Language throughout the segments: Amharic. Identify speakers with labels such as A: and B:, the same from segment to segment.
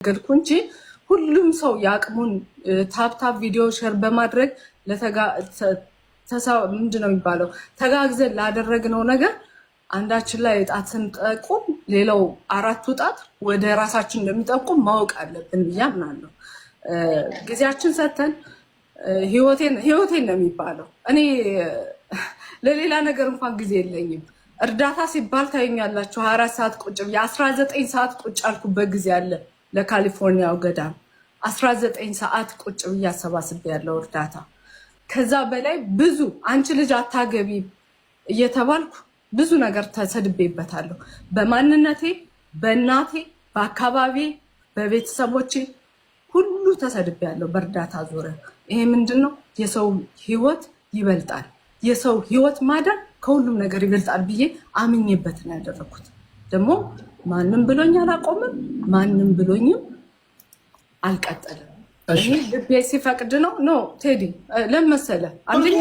A: ነገርኩ እንጂ ሁሉም ሰው የአቅሙን ታፕታፕ ቪዲዮ ሸር በማድረግ ምንድን ነው የሚባለው ተጋግዘን ላደረግነው ነገር አንዳችን ላይ እጣትን ጠቁም ሌላው አራቱ ጣት ወደ ራሳችን እንደሚጠቁም ማወቅ አለብን ብዬ አምናለሁ። ጊዜያችን ሰተን ህይወቴን ነው የሚባለው። እኔ ለሌላ ነገር እንኳን ጊዜ የለኝም። እርዳታ ሲባል ታዩኛላችሁ። አራት ሰዓት ቁጭ ብዬ ዘጠኝ ሰዓት ቁጭ አልኩበት ጊዜ አለ። ለካሊፎርኒያው ገዳም 19 ሰዓት ቁጭ ብዬ አሰባስቤ ያለው እርዳታ ከዛ በላይ ብዙ አንቺ ልጅ አታገቢ እየተባልኩ ብዙ ነገር ተሰድቤበታለሁ። በማንነቴ፣ በእናቴ፣ በአካባቢ፣ በቤተሰቦቼ ሁሉ ተሰድቤያለሁ። በእርዳታ ዙሪያ ይሄ ምንድን ነው? የሰው ህይወት ይበልጣል፣ የሰው ህይወት ማደር ከሁሉም ነገር ይበልጣል ብዬ አምኜበት ነው ያደረኩት ደግሞ ማንም ብሎኝ አላቆምም፣ ማንም ብሎኝም አልቀጠልም። እኔ ልቤ ሲፈቅድ ነው። ኖ ቴዲ ለምን መሰለህ አንደኛ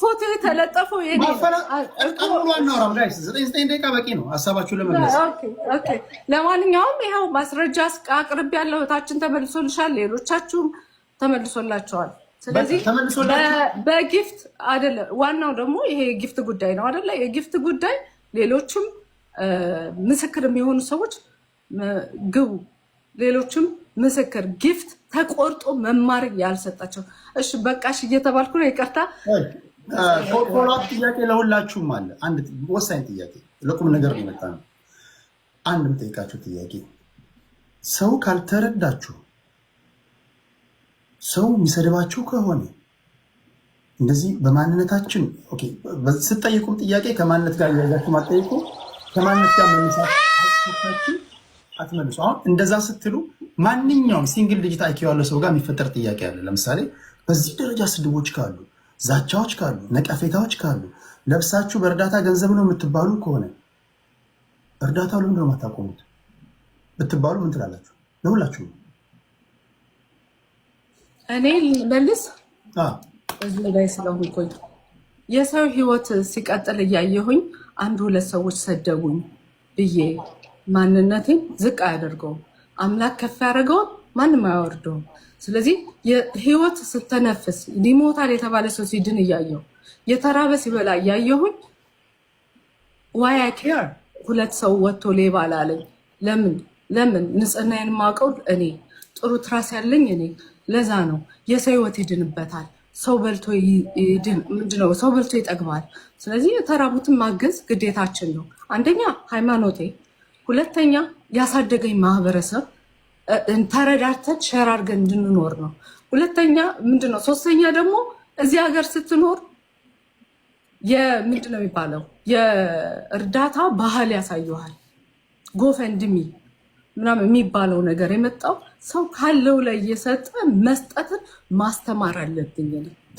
A: ፎቶ የተለጠፈው ለማንኛውም ይኸው ማስረጃ አቅርቤ ያለሁታችን ተመልሶልሻል። ሌሎቻችሁም ተመልሶላቸዋል። ስለዚህ በጊፍት አይደለም። ዋናው ደግሞ ይሄ የጊፍት ጉዳይ ነው አደለ የጊፍት ጉዳይ ሌሎችም ምስክር የሚሆኑ ሰዎች ግቡ፣ ሌሎችም ምስክር ጊፍት ተቆርጦ መማር ያልሰጣቸው። እሺ በቃሽ እየተባልኩ ነው። ይቅርታ።
B: ፎሎአፕ ጥያቄ ለሁላችሁም አለ። አንድ ወሳኝ ጥያቄ ለቁም ነገር የመጣ ነው። አንድ የምጠይቃችሁ ጥያቄ ሰው ካልተረዳችሁ ሰው የሚሰድባችሁ ከሆነ እንደዚህ በማንነታችን ስትጠይቁም ጥያቄ ከማንነት ጋር እያያችሁ ማጠይቁ ከማንነት ጋር መነሳችሁ አትመልሱ። አሁን እንደዛ ስትሉ ማንኛውም ሲንግል ዲጂት አይኪው ያለው ሰው ጋር የሚፈጠር ጥያቄ አለ። ለምሳሌ በዚህ ደረጃ ስድቦች ካሉ፣ ዛቻዎች ካሉ፣ ነቀፌታዎች ካሉ ለብሳችሁ በእርዳታ ገንዘብ ነው የምትባሉ ከሆነ እርዳታው ለምንድነው ነው የማታቆሙት ብትባሉ ምን ትላላችሁ? ለሁላችሁ ነው
A: እኔ መልስ እዚህ ላይ ስለሆንኩኝ የሰው ህይወት ሲቀጥል እያየሁኝ አንድ ሁለት ሰዎች ሰደቡኝ ብዬ ማንነቴን ዝቅ አያደርገውም። አምላክ ከፍ ያደርገውን ማንም አያወርደውም። ስለዚህ ህይወት ስተነፍስ ሊሞታል የተባለ ሰው ሲድን እያየሁ የተራበ ሲበላ እያየሁኝ ዋይ አይ ኬር ሁለት ሰው ወጥቶ ሌባ አላለኝ። ለምን ለምን ንጽህናዬን ማውቀው እኔ ጥሩ ትራስ ያለኝ እኔ ለዛ ነው። የሰው ህይወት ይድንበታል። ሰው በልቶ ምንድነው ሰው በልቶ ይጠግባል። ስለዚህ የተራቡትን ማገዝ ግዴታችን ነው። አንደኛ ሃይማኖቴ፣ ሁለተኛ ያሳደገኝ ማህበረሰብ ተረዳርተን ሸር አድርገን እንድንኖር ነው። ሁለተኛ ምንድነው፣ ሶስተኛ ደግሞ እዚህ ሀገር ስትኖር ምንድነው የሚባለው የእርዳታ ባህል ያሳየዋል። ጎፈንድሚ ምናምን የሚባለው ነገር የመጣው ሰው ካለው ላይ እየሰጠ መስጠትን ማስተማር አለብኝ።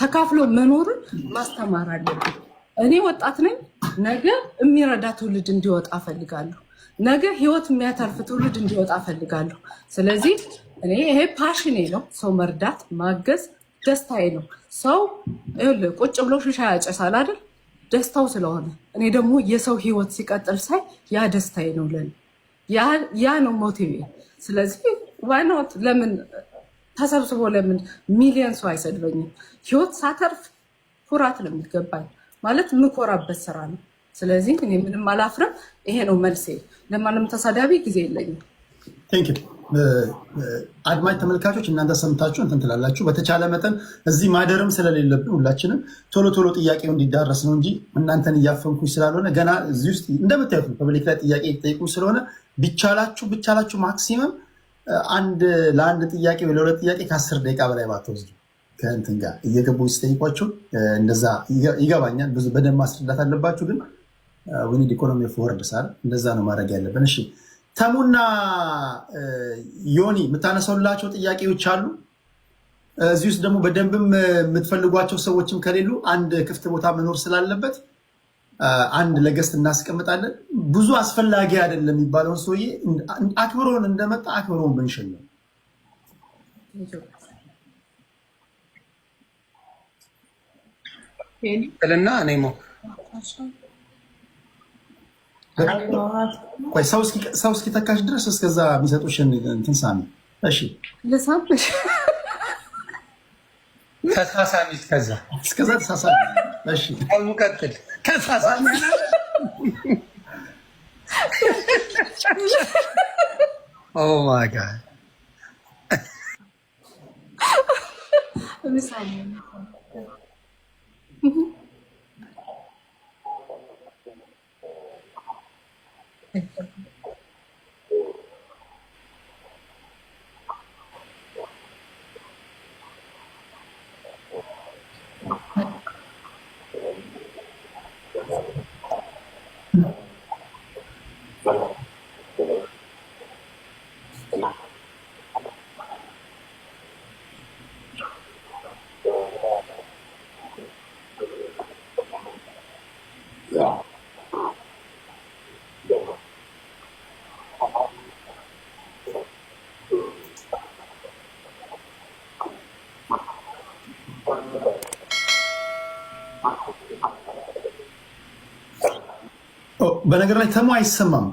A: ተካፍሎ መኖርን ማስተማር አለብኝ። እኔ ወጣት ነኝ። ነገ የሚረዳ ትውልድ እንዲወጣ ፈልጋለሁ። ነገ ህይወት የሚያተርፍ ትውልድ እንዲወጣ ፈልጋለሁ። ስለዚህ እኔ ይሄ ፓሽኔ ነው። ሰው መርዳት፣ ማገዝ ደስታዬ ነው። ሰው ቁጭ ብሎ ሽሻ ያጨሳል አይደል? ደስታው ስለሆነ እኔ ደግሞ የሰው ህይወት ሲቀጥል ሳይ ያ ደስታዬ ነው ለኔ። ያ ነው ሞቲቬ። ስለዚህ ዋይኖት ለምን ተሰብስቦ ለምን ሚሊየን ሰው አይሰድበኝም? ህይወት ሳተርፍ ኩራት ነው የሚገባኝ፣ ማለት የምኮራበት ስራ ነው። ስለዚህ እኔ ምንም አላፍርም። ይሄ ነው መልሴ። ለማንም ተሳዳቢ ጊዜ የለኝም።
B: ቴንክ ዩ አድማጭ ተመልካቾች፣ እናንተ ሰምታችሁ እንትን ትላላችሁ። በተቻለ መጠን እዚህ ማደርም ስለሌለብን ሁላችንም ቶሎ ቶሎ ጥያቄው እንዲዳረስ ነው እንጂ እናንተን እያፈንኩኝ ስላልሆነ ገና እዚህ ውስጥ እንደምታዩት ፐብሊክ ላይ ጥያቄ ጠይቁ ስለሆነ ቢቻላችሁ ቢቻላችሁ ማክሲመም አንድ ለአንድ ጥያቄ ወይ ለሁለት ጥያቄ ከአስር ደቂቃ በላይ ባትወስዱ ከእንትን ጋር እየገቡ ስጠይቋቸው እንደዛ ይገባኛል። ብዙ በደንብ ማስረዳት አለባችሁ፣ ግን ዊኒድ ኢኮኖሚ ፎወርድ ሳል እንደዛ ነው ማድረግ ያለብን። እሺ ተሙና ዮኒ የምታነሰውላቸው ጥያቄዎች አሉ። እዚህ ውስጥ ደግሞ በደንብም የምትፈልጓቸው ሰዎችም ከሌሉ አንድ ክፍት ቦታ መኖር ስላለበት አንድ ለገስት እናስቀምጣለን። ብዙ አስፈላጊ አይደለም የሚባለውን ሰውዬ አክብሮን እንደመጣ አክብሮን ብንሽን ነው። ልና እኔ ሰው እስኪተካሽ ድረስ እስከዛ የሚሰጡሽን እንትን ሳሚ እሺ፣ ተሳሳሚ እስከዛ እስከዛ ተሳሳሚ እሺ፣ ቀጥል ተሳሳሚ oh my god. Mm-hmm. በነገር ላይ ተሙ አይሰማም